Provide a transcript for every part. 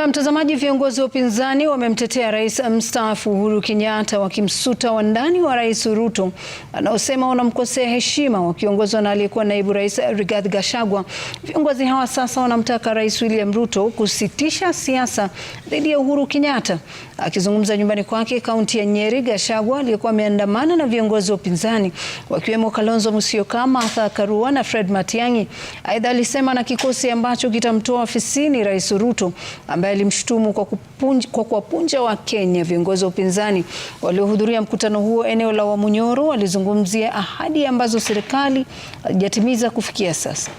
Na mtazamaji, viongozi wa upinzani wamemtetea rais mstaafu Uhuru Kenyatta wakimsuta wandani wa rais Ruto anaosema wanamkosea heshima, wakiongozwa na aliyekuwa naibu rais Rigathi Gachagua. Viongozi hawa sasa wanamtaka rais William Ruto kusitisha siasa dhidi ya Uhuru Kenyatta. Akizungumza nyumbani kwake kaunti ya Nyeri, Gachagua aliyekuwa ameandamana na viongozi wa upinzani wakiwemo Kalonzo Musyoka, Martha Karua na Fred Matiang'i. Aidha alisema na kikosi ambacho kitamtoa ofisini rais Ruto ambaye ambaye alimshutumu kwa kupunja, kwa kuwapunja Kenya. Viongozi wa upinzani waliohudhuria mkutano huo eneo la Wamunyoro walizungumzia ahadi ambazo serikali haijatimiza kufikia sasa.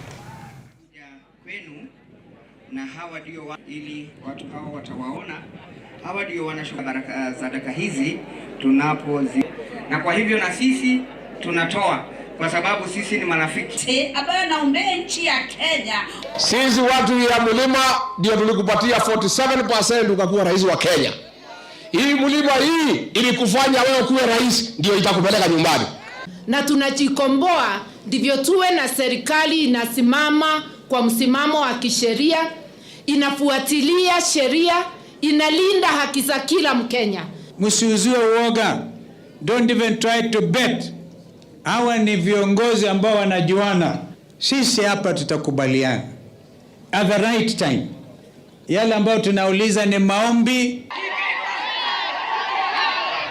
Na hawa ndio wa, ili watu hawa watawaona, hawa ndio wanashuka baraka sadaka hizi tunapozi, na kwa hivyo na sisi tunatoa kwa sababu sisi ni marafiki ambayo naombea nchi ya Kenya. Sisi watu ya mlima ndio tulikupatia 47% ukakuwa rais wa Kenya. Hii mlima hii ilikufanya wewe kuwe rais, ndio itakupeleka nyumbani. Na tunajikomboa ndivyo tuwe na serikali inasimama kwa msimamo wa kisheria, inafuatilia sheria, inalinda haki za kila Mkenya. Msiuziwe uoga. Don't even try to bet. Hawa ni viongozi ambao wanajuana. Sisi hapa tutakubaliana at the right time. Yale ambayo tunauliza ni maombi